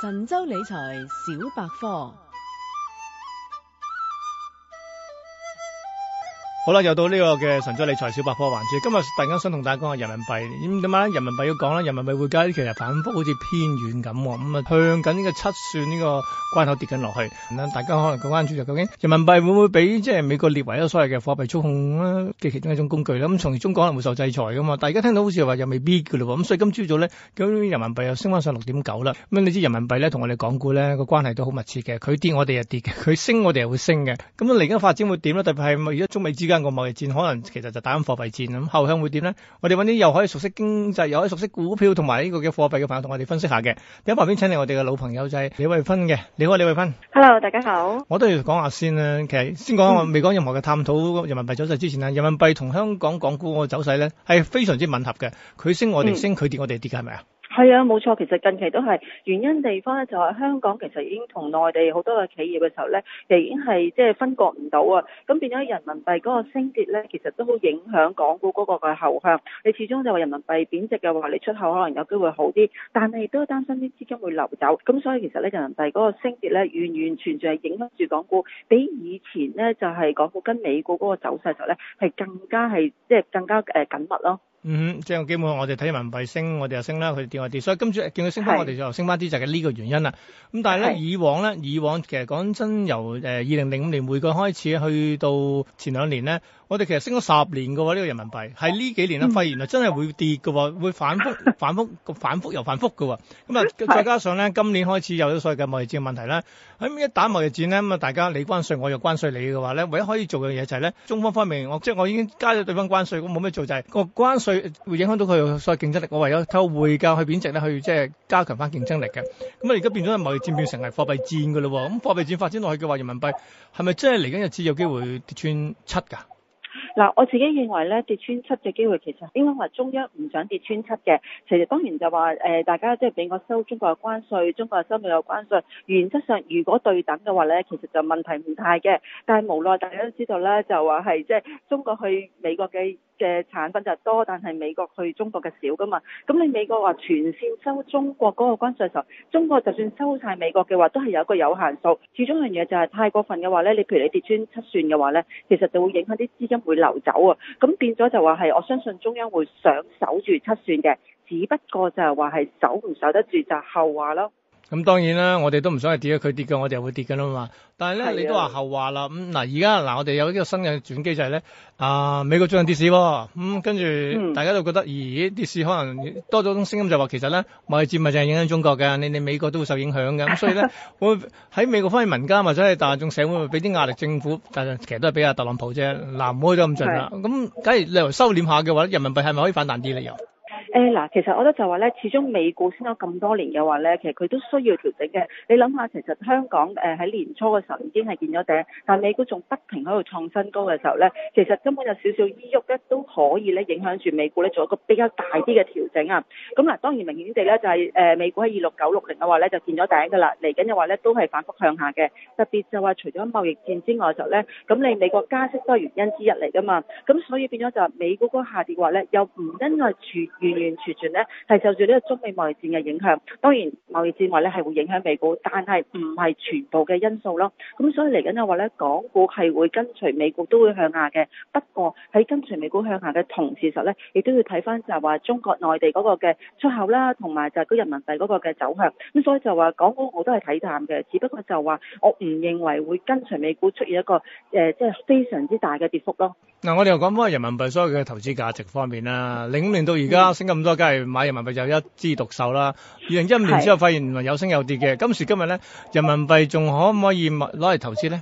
神州理財小百科。好啦，又到呢個嘅神州理財小百科環節。今日突然間想同大家講下人民幣點點解？人民幣要講咧，人民幣匯價呢，其實反覆好似偏軟咁，咁、嗯、啊向緊呢個七算呢個關口跌緊落去、嗯。大家可能個關注就究竟人民幣會唔會俾即係美國列為咗所謂嘅貨幣操控咧嘅其中一種工具咧？咁、嗯、從而中國可能會受制裁噶嘛？大家聽到好似話又未必嘅嘞喎。咁、嗯、所以今朝早咧，咁人民幣又升翻上六點九啦。咁、嗯、你知人民幣咧同我哋港股咧個關係都好密切嘅，佢跌我哋又跌嘅，佢升我哋又會,會升嘅。咁啊嚟緊發展會點咧？特別係而家中美之間？個貿易戰可能其實就打緊貨幣戰咁後向會點咧？我哋揾啲又可以熟悉經濟，又可以熟悉股票同埋呢個嘅貨幣嘅朋友同我哋分析下嘅。喺旁邊請嚟我哋嘅老朋友就係李慧芬嘅，你好李慧芬。Hello，大家好。我都要講下先啦，其實先講我未講任何嘅探討人民幣走勢之前啊，人民幣同香港港股嘅走勢咧係非常之吻合嘅，佢升我哋升，佢跌我哋跌嘅係咪啊？嗯是係啊，冇錯，其實近期都係原因地方咧，就係香港其實已經同內地好多嘅企業嘅時候咧，就已經係即係分割唔到啊。咁變咗人民幣嗰個升跌咧，其實都好影響港股嗰個嘅後向。你始終就話人民幣貶值嘅話，你出口可能有機會好啲，但係亦都擔心啲資金會流走。咁所以其實咧，人民幣嗰個升跌咧，完完全全係影響住港股，比以前咧就係港股跟美股嗰個走勢時候咧，係更加係即係更加誒緊密咯。嗯，即係基本上我哋睇人民幣升，我哋又升啦，佢跌我跌，所以今次見佢升翻，的我哋就升翻啲，就係呢個原因啦。咁但係咧，的以往咧，以往其實講真，由誒二零零五年匯改開始去到前兩年咧，我哋其實升咗十年嘅呢、這個人民幣，係呢幾年咧發現真係會跌嘅，會反覆、反覆、反覆又反覆嘅。咁、嗯、啊，再加上咧，今年開始有咗所謂嘅貿易戰問題啦，咁一打貿易戰呢，咁啊大家你關稅我又關稅你嘅話咧，唯一可以做嘅嘢就係、是、咧，中方方面我即係我已經加咗對方關稅，咁冇咩做就係、是、個關稅。會影響到佢所有競爭力，我唯有透過匯價去貶值咧，去即係加強翻競爭力嘅。咁啊，而家變咗貿易戰變成係貨幣戰噶咯。咁貨幣戰發展落去嘅話，人民幣係咪真係嚟緊日子有機會跌穿七噶？嗱、啊，我自己認為咧，跌穿七嘅機會其實應該話中央唔想跌穿七嘅，其實當然就話、呃、大家即係俾我收中國嘅關稅，中國收美國嘅關稅，原則上如果對等嘅話咧，其實就問題唔大嘅。但係無奈大家都知道咧，就話係即係中國去美國嘅嘅產品就多，但係美國去中國嘅少噶嘛。咁你美國話全線收中國嗰個關稅時候，中國就算收晒美國嘅話，都係有個個有限數。始終樣嘢就係太過分嘅話咧，你譬如你跌穿七算嘅話咧，其實就會影響啲資金回。流走啊，咁變咗就話係，我相信中央會想守住七算嘅，只不過就係話係守唔守得住就後話咯。咁當然啦，我哋都唔想佢跌，咗佢跌嘅我哋又會跌嘅啦嘛。但係咧，的你都話後話啦。咁、嗯、嗱，而家嗱，我哋有呢個新嘅轉機就係、是、咧，啊，美國將要跌市，咁跟住大家都覺得，嗯、咦，跌市可能多咗種聲音，就話其實咧，貿易戰咪淨係影響中國嘅，你你美國都會受影響嘅。咁所以咧， 會喺美國方面民間或者係大眾社會，咪俾啲壓力政府，但其實都係俾阿特朗普啫。嗱、啊，唔開得咁盡啦。咁假的如你收斂下嘅話，人民幣係咪可以反彈啲理由？誒嗱，其實我覺得就話咧，始終美股先有咁多年嘅話咧，其實佢都需要調整嘅。你諗下，其實香港誒喺年初嘅時候已經係見咗頂，但係美股仲不停喺度創新高嘅時候咧，其實根本有少少依鬱咧都可以咧影響住美股咧做一個比較大啲嘅調整啊。咁嗱，當然明顯地咧就係誒美股喺二六九六零嘅話咧就見咗頂㗎啦，嚟緊嘅話咧都係反覆向下嘅。特別就話除咗貿易戰之外嘅時候咧，咁你美國加息都係原因之一嚟㗎嘛。咁所以變咗就係美股嗰下跌嘅話咧，又唔因為全完全全咧係受住呢個中美貿易戰嘅影響，當然貿易戰外咧係會影響美股，但係唔係全部嘅因素咯。咁所以嚟緊嘅話咧，港股係會跟隨美股都會向下嘅。不過喺跟隨美股向下嘅同時實咧，亦都要睇翻就係話中國內地嗰個嘅出口啦，同埋就係嗰人民幣嗰個嘅走向。咁所以就話港股我都係睇淡嘅，只不過就話我唔認為會跟隨美股出現一個誒即係非常之大嘅跌幅咯。嗱、嗯，我哋又講翻人民幣所有嘅投資價值方面啦，零五年到而家咁多梗係買人民幣就一枝獨秀啦。二零一五年之後發現係有升有跌嘅。的今時今日咧，人民幣仲可唔可以買攞嚟投資咧？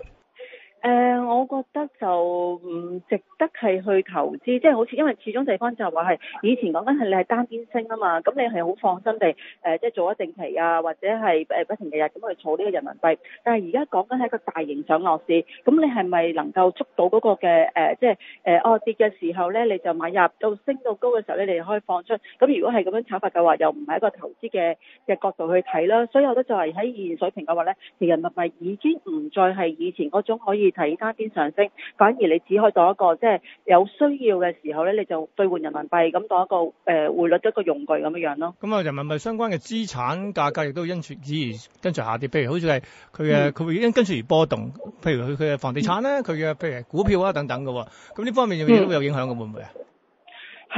誒、呃，我覺得就唔值得係去投資，即、就、係、是、好似因為始終地方就話係以前講緊係你係單邊升啊嘛，咁你係好放心地即係、呃就是、做咗定期啊，或者係不停日日咁去儲呢個人民幣。但係而家講緊係一個大型上落市，咁你係咪能夠捉到嗰個嘅即係誒哦跌嘅時候咧，你就買入到升到高嘅時候咧，你可以放出。咁如果係咁樣炒法嘅話，又唔係一個投資嘅嘅角度去睇啦。所以我覺得就係喺現水平嘅話咧，其實人民幣已經唔再係以前嗰種可以。提加鞭上升，反而你只可以當一個即係、就是、有需要嘅時候咧，你就兌換人民幣，咁當一個誒匯、呃、率一個用具咁樣樣咯。咁啊，人民幣相關嘅資產價格亦都因此而跟隨下跌，譬如好似係佢嘅，佢、嗯、會因跟隨而波動。譬如佢佢嘅房地產咧，佢嘅、嗯、譬如股票啊等等嘅，咁呢方面會有，有，有影響嘅，嗯、會唔會啊？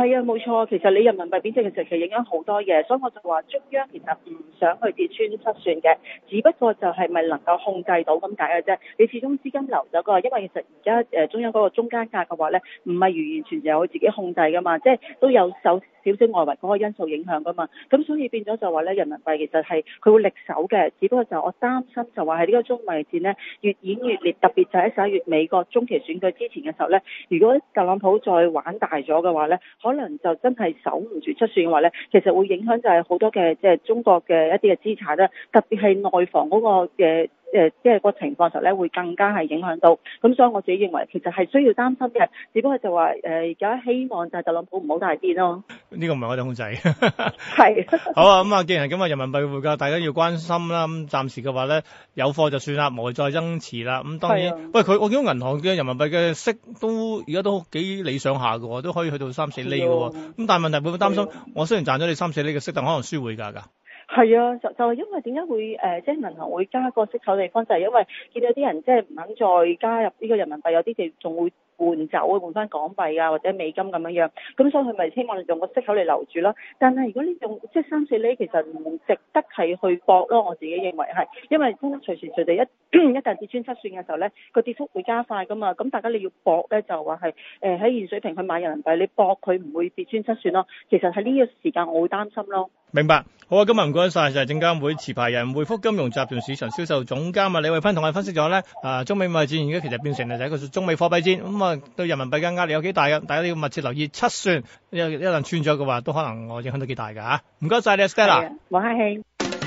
係啊，冇錯。其實你人民幣貶值嘅時候，其實影響好多嘢，所以我就話中央其實唔想去跌穿七算嘅，只不過就係咪能夠控制到咁解嘅啫。你始終資金流走個，因為其實而家誒中央嗰個中間價嘅話咧，唔係完完全全由我自己控制噶嘛，即係都有受少少外圍嗰個因素影響噶嘛。咁所以變咗就話咧，人民幣其實係佢會力守嘅，只不過就我擔心就話喺呢個中美戰咧越演越烈，特別就喺十一月美國中期選舉之前嘅時候咧，如果特朗普再玩大咗嘅話咧，可能就真係守唔住七算嘅話咧，其實會影響就係好多嘅即係中國嘅一啲嘅資產咧，特別係內房嗰個嘅。誒，即係個情況實咧，會更加係影響到，咁所以我自己認為其實係需要擔心嘅，只不過就話誒，而、呃、家希望就係特朗普唔好大跌咯、哦。呢個唔係我哋控制。係。好啊，咁啊，既然係咁啊人民幣匯價，大家要關心啦。咁、嗯、暫時嘅話咧，有貨就算啦，唔再增持啦。咁、嗯、當然，啊、喂，佢我見到銀行嘅人民幣嘅息都而家都幾理想下㗎喎，都可以去到三四厘㗎喎。咁、啊、但係問題會唔會擔心？啊、我雖然賺咗你三四厘嘅息，但可能輸匯價㗎。係啊，就就係因為點解會誒，即係銀行會加個息口地方，就係因為見到啲人即係唔肯再加入呢個人民幣，有啲地仲會。換走啊，換翻港幣啊，或者美金咁樣樣，咁所以佢咪希望用個息口嚟留住咯。但係如果呢種即係三四厘，其實唔值得係去搏咯。我自己認為係，因為真係隨時隨地一一旦跌穿七算嘅時候咧，個跌幅會加快噶嘛。咁大家你要搏咧，就話係誒喺現水平去買人民幣，你搏佢唔會跌穿七算咯。其實喺呢個時間，我會擔心咯。明白，好啊，今日唔該晒，就係證監會持牌人匯福金融集團市場銷售總監啊李慧芬同我分析咗咧，啊中美貿易戰而家其實變成就係一個中美貨幣戰咁啊。嗯對人民幣嘅壓力有幾大嘅，大家要密切留意。七算有一一輪穿咗嘅話，都可能我影響都幾大噶、啊。吓。唔該晒你啊 Stella 冇客氣。